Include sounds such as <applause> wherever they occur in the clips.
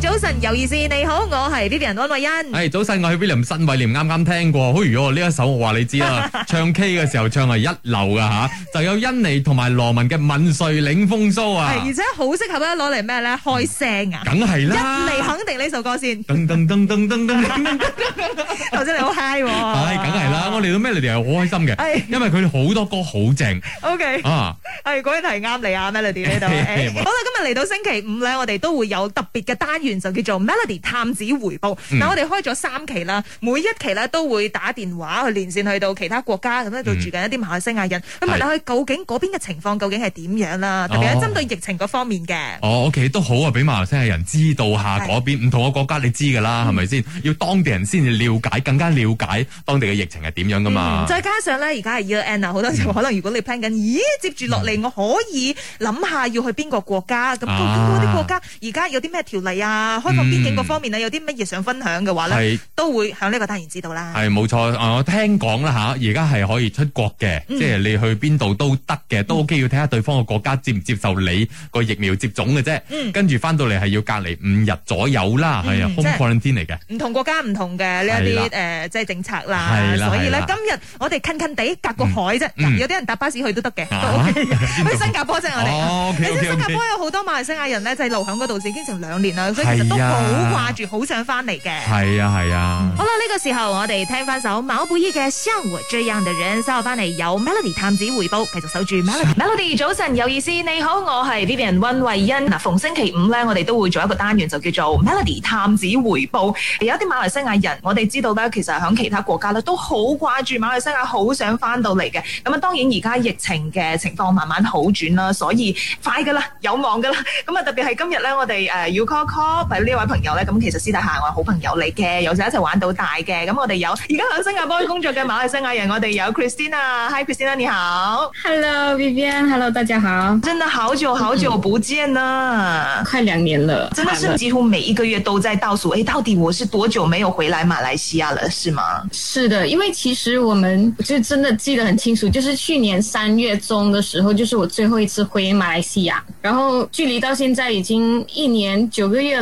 早晨有意思，你好，我係 William 安慧欣。係早晨，我喺 William 新威廉啱啱聽過，好，如果呢一首我話你知啦，唱 K 嘅時候唱係一流噶吓，就有甄妮同埋羅文嘅《問誰領風騷》啊，係而且好適合咧攞嚟咩咧開聲啊，梗係啦，一嚟肯定呢首歌先。噔噔噔噔噔噔噔噔噔，頭先你好 high，係梗係啦，我嚟到 Melody 係好開心嘅，係因為佢好多歌好正。OK，啊，係嗰一題啱你啊，Melody 呢度。好啦，今日嚟到星期五咧，我哋都會有特別嘅單。完就叫做 Melody 探子回報。嗱、嗯，我哋開咗三期啦，每一期咧都會打電話去連線去到其他國家，咁咧度住緊一啲馬來西亞人，咁問下佢究竟嗰邊嘅情況究竟係點樣啦，哦、特別係針對疫情嗰方面嘅。哦，OK，都好啊，俾馬來西亞人知道下嗰邊，唔是同嘅國家你知噶啦，係咪先？要當地人先至瞭解，更加了解當地嘅疫情係點樣噶嘛、嗯。再加上咧，而家係 Year End 啊，好多時候、嗯、可能如果你 plan 緊，咦，接住落嚟我可以諗下要去邊個國家，咁究竟嗰啲國家而家有啲咩條例啊？啊！開放邊境嗰方面呢，有啲乜嘢想分享嘅話咧，都會向呢個當然知道啦。係冇錯，我聽講啦嚇，而家係可以出國嘅，即係你去邊度都得嘅，都 OK。要睇下對方個國家接唔接受你個疫苗接種嘅啫。跟住翻到嚟係要隔離五日左右啦。係啊，Home Quarantine 嚟嘅，唔同國家唔同嘅呢一啲誒，即係政策啦。所以咧，今日我哋近近地隔個海啫，有啲人搭巴士去都得嘅，去新加坡啫，我哋。新加坡有好多馬來西亞人咧，就係留響嗰度已經成兩年啦。其實都好掛住，好想翻嚟嘅。係啊，係啊。啊好啦，呢、這個時候我哋聽翻首毛不易嘅《像我這樣的人》，收下翻嚟，有 Melody 探子回報，繼續守住 Melody。啊、Melody 早晨有意思，你好，我係 Vivian 溫慧欣。嗱、啊，逢星期五咧，我哋都會做一個單元，就叫做 Melody 探子回報。嗯、有啲馬來西亞人，我哋知道咧，其實喺其他國家咧都好掛住馬來西亞，好想翻到嚟嘅。咁啊，當然而家疫情嘅情況慢慢好轉啦，所以快噶啦，有望噶啦。咁啊，特別係今日咧，我哋誒 You Call Call。呢、哦、位朋友呢，咁其實私底下我係好朋友嚟嘅，由細一齊玩到大嘅。咁我哋有而家響新加坡工作嘅馬來西亞人， <laughs> 我哋有 Christina。Hi Christina，你好。Hello Vivian，Hello 大家好，真的好久好久不見啊，快兩年了，嗯嗯、真的是幾乎每一個月都在倒數。誒、 <laughs> 哎，到底我是多久沒有回來馬來西亞了，是嗎？是的，因為其實我們就真的記得很清楚，就是去年三月中的時候，就是我最後一次回馬來西亞，然後距離到現在已經一年九個月了。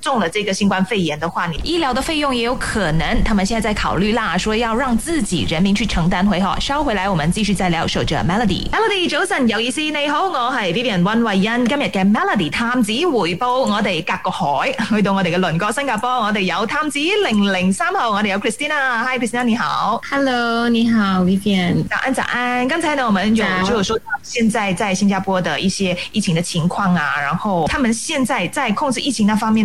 中了這個新冠肺炎的話，你醫療的費用也有可能。他們現在在考慮啦，說要讓自己人民去承擔回哈。稍回來，我們繼續再聊。守着 Melody，Melody Mel 早晨有意思，你好，我係 Vivian w a 溫慧欣。今日嘅 Melody 探子回報，我哋隔個海去到我哋嘅鄰國新加坡，我哋有探子零零三號，我哋有 Christina，Hi Christina 你好，Hello 你好 Vivian，早安早安，剛才呢，我們有就早說到現在在新加坡的一些疫情的情況啊，然後他們現在在控制疫情那方面。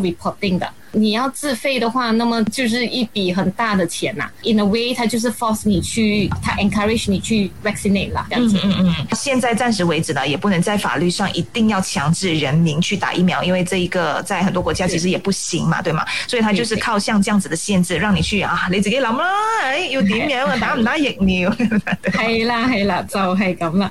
reporting 的，你要自費的話，那麼就是一筆很大的錢啦，啊。In a way，它就是 force 你去，它 encourage 你去 vaccinate 啦。這樣子，嗯嗯。嗯嗯嗯現在暫時為止呢，也不能在法律上一定要強制人民去打疫苗，因為這一個在很多國家其實也不行嘛，對，對嗎？所以，它就是靠像這樣子的限制，讓你去啊，對對對你自己諗 <laughs> 啦，誒，要點樣打唔打疫苗？係啦，係啦，就係咁啦。